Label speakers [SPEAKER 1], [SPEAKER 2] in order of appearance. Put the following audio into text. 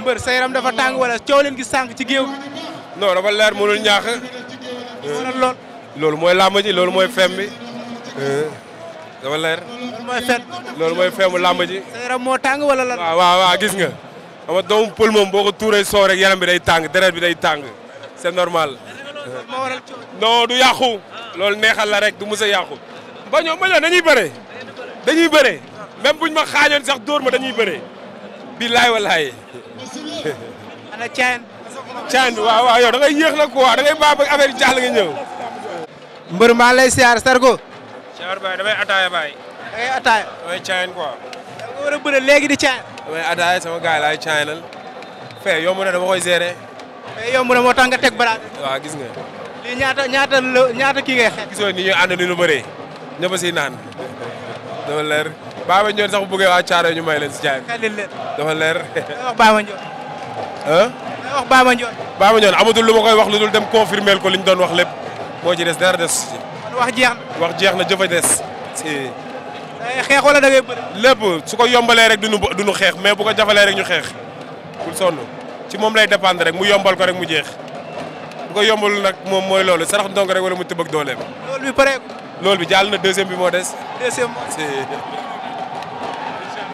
[SPEAKER 1] mbër sa dafa tàng wala coow gi sànq ci géew non dafa leer mënul ñaax lool euh, mooy làmb lool mooy fem bi euh, dafa leer loolu mooy fet loolu mooy femu làmb ji moo tàng wala lan waaw waaw waaw gis nga xam nga doomu pël moom boo ko tuuree soow rek bi day tàng deret bi day tàng se normal non du yàqu loolu neexal la rek du mos a yàqu bañoo bañoo dañuy bëre dañuy bëre même ma xaañoon sax dóor ma dañuy bëre billaay wallaay. ana Thian. Thian waaw waaw yow da ngay yéex nag quoi da ngay baax nga ñëw. mbër maa lay siyaar Sarko. Thiar Baye damay ataaya Baye. da ngay a bëre léegi di Thian. damay ataaya sama gars yi laay Thianal. fee yomb na dama koy gérer. fee yomb teg baraat. waaw gis nga. lii ñaata ñaata kii ngay xeex. gisoo ni ñuy ànd ni lu bëree. ñëpp a siy naan dama Baye Mandione sax bu bëggee waa ñu may leen si jaay dafa leer. wax Baye Mandione. ah. wax Baye Mandione. Baye Mandione lu ma koy wax lu dul dem confirmer ko li ñu doon wax lépp moo ci des dara des. wax jeex na wax jeex na jëfa des. si. xeex wala da lépp su ko yombalee rek duñu duñu xeex mais bu ko jafalee rek ñu xeex. bul sonn ci moom lay dépendre rek mu yombal ko rek mu jeex bu ko yombalul nag moom mooy loolu sarax ndongo rek wala mu tëb ak dooleem. loolu bi pareeku. loolu bi jàll na deuxième bi moo des. deuxième